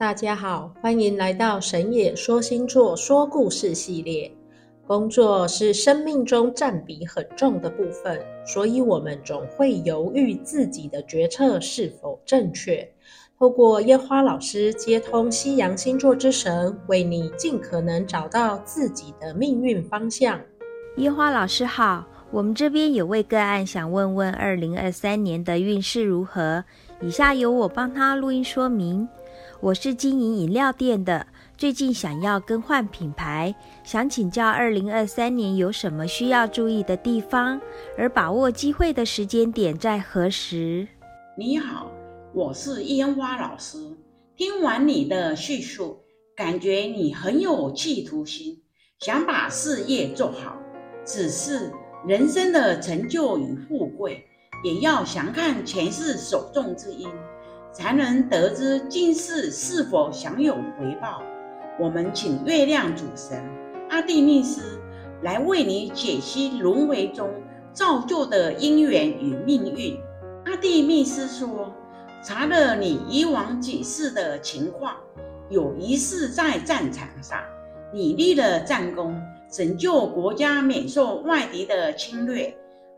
大家好，歡迎來到神野說星座說故事系列。工作是生命中佔比很重的部分，所以我們總會猶豫自己的決策是否正確。透過夜花老師接通西洋星座之神，為你盡可能找到自己的命運方向。夜花老師好，我們這邊有位個案想問問二零二三年的運勢如何，以下由我幫他錄音說明。我是經營飲料店的，最近想要更換品牌，想請教二零二三年有什麼需要注意的地方，而把握機會的時間點在何時？你好，我是煙花老師。聽完你的敘述，感覺你很有企圖心，想把事業做好。只是人生的成就與富貴，也要想看前世所種之因。才能得知今世是否享有回報。我們請月亮主神阿蒂密斯來為你解析輪回中造就的因緣與命運。阿蒂密斯說：“查了你以往幾世的情況，有一世在戰場上，你立了戰功，拯救國家免受外敵的侵略，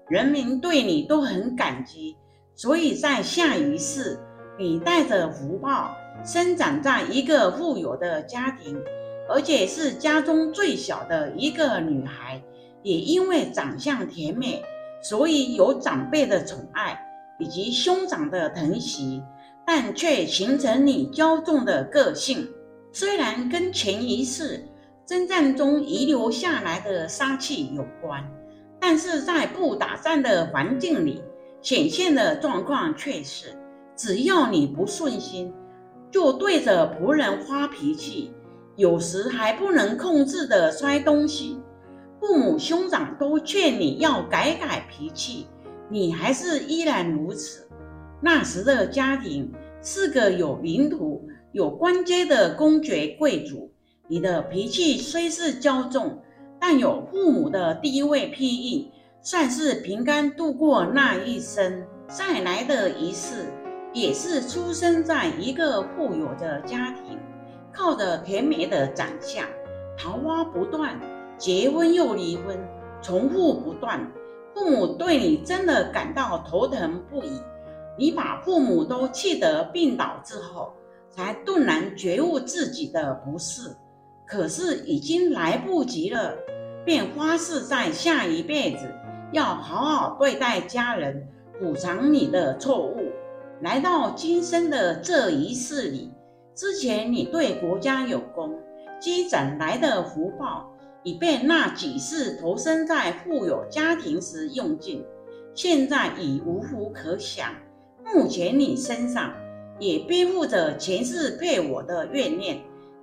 人民對你都很感激，所以在下一世。”你帶着福報生長在一個富有的家庭，而且是家中最小的一個女孩。也因為長相甜美，所以有長輩的寵愛以及兄長的疼惜，但卻形成你驕縱的個性。雖然跟前一世征戰中遺留下來的殺氣有關，但是在不打仗的環境裡，顯現的狀況卻是。只要你不順心，就對着僕人發脾氣，有時還不能控制的摔東西。父母兄長都勸你要改改脾氣，你還是依然如此。那時的家庭是個有領土、有官階、的公爵貴族，你的脾氣雖是驕縱，但有父母的地位庇蔭，算是平安度過那一生。再來的一世，也是出生在一個富有的家庭，靠着甜美的長相，桃花不斷，結婚又離婚，重複不斷，父母對你真的感到頭疼不已。你把父母都氣得病倒之後，才頓然覺悟自己的不是，可是已經來不及了，便發誓在下一輩子要好好對待家人，補償你的錯誤。來到今生的這一世裡，之前你對國家有功，積攢來的福報已被那幾世投身在富有家庭時用盡，現在已無福可享。目前你身上也背負着前世配我的怨念，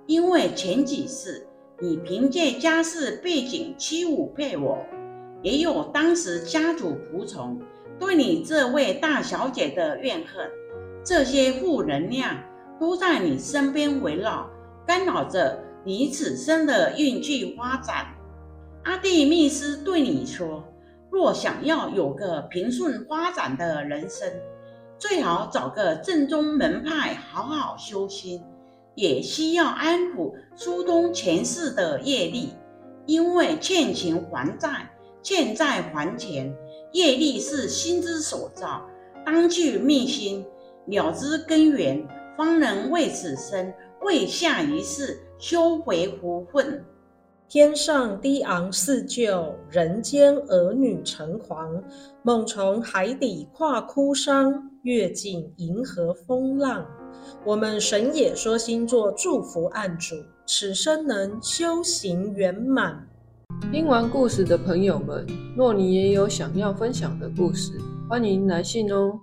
因為前幾世你憑借家世背景欺侮配我，也有當時家族僕從。對你這位大小姐的怨恨，這些負能量都在你身邊圍繞，干擾着你此生的運氣發展。阿蒂密斯對你說：若想要有個平順發展的人生，最好找個正宗門派好好修心，也需要安撫疏通前世的業力，因為欠錢還債，欠債還錢。業力是心之所造，當具命心了知根源，方能為此生、為下一世修回福分。天上低昂似舊，人間兒女成狂。夢從海底跨枯桑，閱盡銀河風浪。我們神野說星座祝福案主，此生能修行圓滿。聽完故事的朋友們，若你也有想要分享的故事，歡迎來信哦。